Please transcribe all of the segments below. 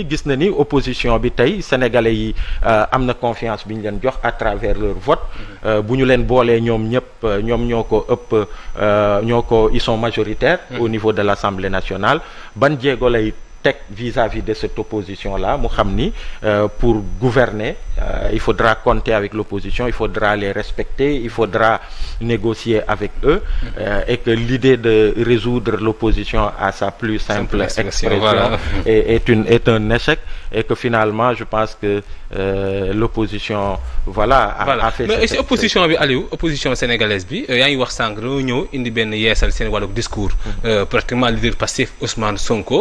gis na ni opposition bi tey sénégalais yi euh, am na confiance bi ñu leen jox à travers leur vote mm-hmm. euh, bu ñu leen boolee ñoom ñëpp euh, ñoom ñoo ko ëpp ñoo ko ils sont majoritaires mm-hmm. au niveau de l'Assemblée nationale ban jéego lay teg vis-à-vis de cette opposition la mu xam ni euh, pour gouverner euh, il faudra compter avec l'opposition il faudra les respecter il faudra négocier avec eux euh, et que l'idée de résoudre l'opposition à sa plus simple expression voilà. est, est une est un échec et que finalement je pense que euh, l'opposition voilà a, fait mais opposition bi Aliou opposition sénégalaise bi yaa ngi wax sànq ñëw indi benn yeesal seen mm. Sonko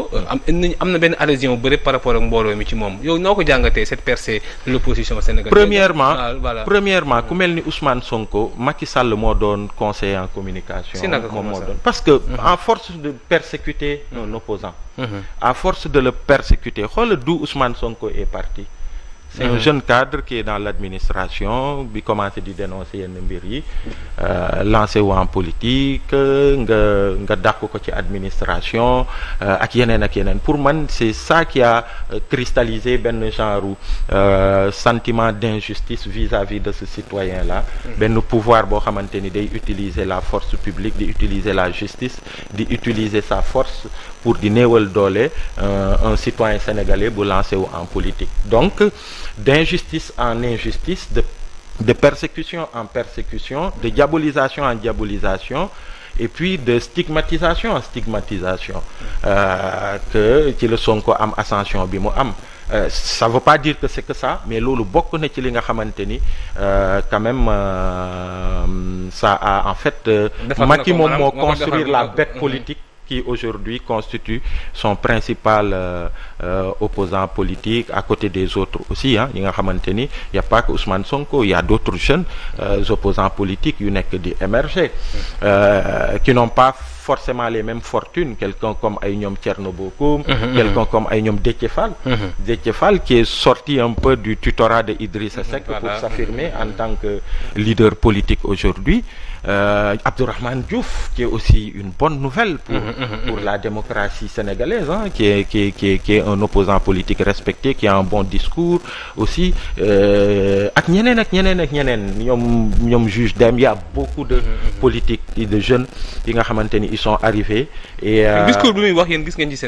nañu am na benn adhésion bu bëri par rapport ak mbooloo mi ci moom yow noo ko jàngatee cette percée de l' opposition sénégalaise. premièrement ah, voilà premièrement ku mel ni Ousmane Sonko Macky Sall moo doon conseiller en communication. si moom moo doon parce que. Mhm. en force de persécuter non mhm. opposant à mhm. force de le persécuter xoola d'où Ousmane Sonko et parti. c'est un jeune cadre qui est dans l'administration bi commencé di dénoncer yenn mbir yi euh, lancé wu en politique nga nga dàq ko ci administration euh, ak yeneen ak yeneen pour man c'est ça qui a euh, cristallisé benn genre sentiment d'injustice vis-à-vis de ce citoyen là mm-hmm. benn pouvoir boo xamante ni day utiliser la force publique di utiliser la justice di utiliser sa force pour di néewal doole un citoyen sénégalais bu lancé wu en politique d'injustice en injustice, de, de persécution en persécution, de diabolisation en diabolisation, et puis de stigmatisation en stigmatisation euh, que ci la Sonko am ascension bi mu am euh, ça veut pas dire que c'est que ça mais loolu bokk na ci li nga xamante ni euh, quand même ça a en fait Macky moom moo construire la bête mhm. politique qui aujourd'hui constitue son principal euh, euh, opposant politique à côté des autres aussi ah yi nga xamante ni y a pas que Ousmane Sonko y a d'autres jeunes euh, opposants politiques yu nekk di émerger euh, qui n'ont pas forcément les mêmes fortunes quelqu'un comme ay ñoom Thierno Bocoum mhm, mhm. quelqu'un comme ay ñoom Déthié Fall mhm. Déthié qui est sorti un peu du tutorat de Idrissa Seck pour s'affirmer en tant que leader politique aujourd'hui euh, Abdourahmane Diouf qui est aussi une bonne nouvelle pour la démocratie sénégalaise hein, qui est qui est, qui est qui un opposant politique respecté qui a un bon discours aussi euh, ak ñeneen ak ñeneen ak ñeneen ñoom ñoom y a beaucoup de politique de jeunes yi nga xamante ni ils sont arrivés et euh, discours bi muy wax yéen gis ngeen ci